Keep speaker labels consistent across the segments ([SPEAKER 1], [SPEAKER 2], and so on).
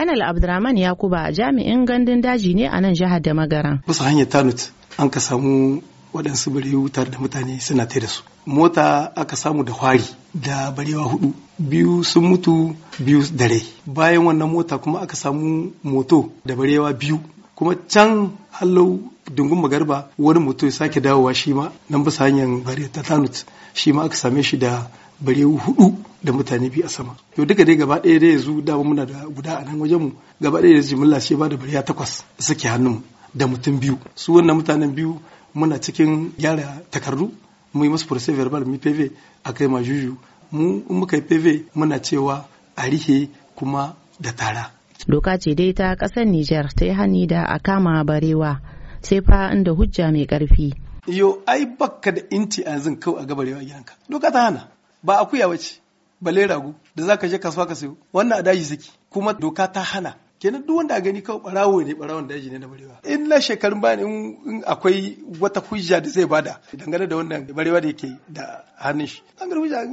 [SPEAKER 1] Kanal Abdurrahman Yakuba jami'in gandun daji ne a nan jihar da magaran.
[SPEAKER 2] Musa hanyar Tanut an ka samu waɗansu barewu tare da mutane suna tare da su. Mota aka samu da hwari da barewa hudu biyu sun mutu biyu dare Bayan wannan mota kuma aka samu moto da barewa biyu kuma can hallau dungun magarba wani mutum ya sake dawowa shi ma nan bisa hanyar bare ta tanut shi ma aka same shi da barewu hudu da mutane biyu a sama yau duka dai gaba ɗaya dai yanzu dama muna da guda a nan wajenmu gaba ɗaya da jimilla ce ba da bariya takwas suke hannun da mutum biyu su wannan mutanen biyu muna cikin gyara takardu mu yi musu procès verbal mu pv a kai ma juju mu in muka yi pv muna cewa a rihe kuma da tara
[SPEAKER 1] doka ce dai ta ƙasar Nijar ta yi hani da a kama barewa sai fa inda hujja mai ƙarfi.
[SPEAKER 2] Yo ai bakka da inci a yanzu kawai a gabarewa gidanka.
[SPEAKER 1] Doka ta hana.
[SPEAKER 2] ba akuya wace balle ragu da zaka je kasuwa ka sayo wannan a daji suke kuma doka ta hana kenan duk wanda a gani kawai barawo ne barawon daji ne na barewa in na shekarun ba in akwai wata hujja da zai bada dangane da wannan barewa da yake da hannun shi an hujja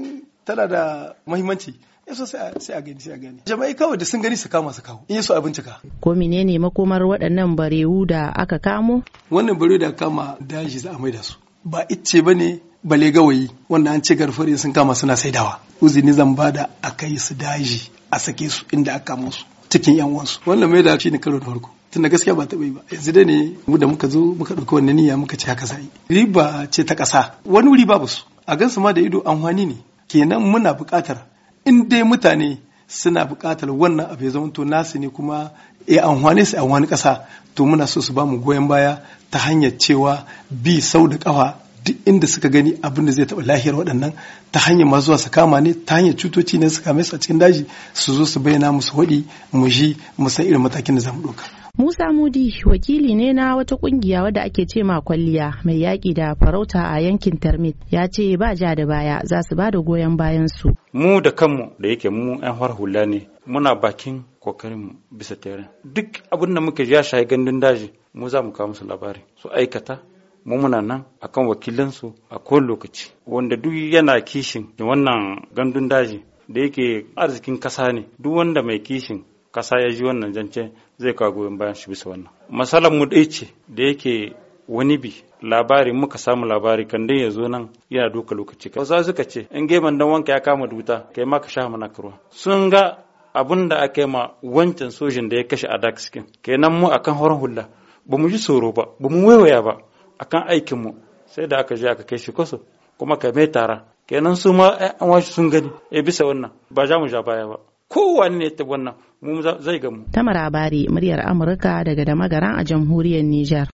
[SPEAKER 2] tana da muhimmanci yaso sai a gani sai a gani jama'i kawai da sun gani su kama su kawo in yaso a bincika
[SPEAKER 1] ko menene makomar waɗannan barewu da aka kamo
[SPEAKER 2] wannan barewu da kama daji za a mai da su ba icce bane bale gawayi wanda an ce garfari sun kama suna saidawa uzini zan bada a kai su daji a sake su inda aka musu su cikin yan uwansu wannan mai da shi ne karo da farko tun da gaskiya ba ta bai ba yanzu da ne mu da muka zo muka dauki wannan niyya muka ce haka sai riba ce ta kasa wani wuri babu su a gansu ma da ido anwani ne kenan muna buƙatar in dai mutane suna buƙatar wannan abu ya zama to nasu ne kuma ya eh, amfani su wani kasa to muna so su ba mu goyon baya ta hanyar cewa bi sau da kafa duk inda suka gani abin da zai taɓa lahiyar waɗannan ta hanyar masu zuwa su kama ne ta hanyar cutoci ne su kame su a cikin daji su zo su bayyana musu hudi mu ji mu san irin matakin da za mu ɗauka.
[SPEAKER 1] Musa Mudi wakili ne na wata kungiya wadda ake ce ma kwalliya mai yaƙi da farauta a yankin Termit ya ce ba ja da baya za su ba da goyon bayan su.
[SPEAKER 3] Mu da kanmu da yake mu 'yan har hula ne muna bakin kokarin bisa teren duk abin da muka ya shahi gandun daji mu za mu kawo musu labari su aikata mu muna nan akan wakilansu a kowane lokaci wanda duk yana kishin wannan gandun daji da yake arzikin kasa ne duk wanda mai kishin kasa ya ji wannan zance zai kawo goyon bayan shi bisa wannan masalan mu dai ce da yake wani bi labari muka samu labari kan dai ya zo nan yana duka lokaci ka za suka ce in geman dan wanka ya kama duta kai ma ka sha mana ruwa sun ga abun da aka yi ma wancan sojin da ya kashe a dakskin kenan mu akan horon hula ba mu ji tsoro ba ba mu waiwaya ba akan aikin mu sai da aka je aka kai shi kwaso kuma ka mai tara kenan su ma an washi sun gani e bisa wannan ba za mu ja baya ba kowanne ne ta wannan mu zai gamu
[SPEAKER 1] tamara bari muryar amurka daga da magaran a jamhuriyar nijar.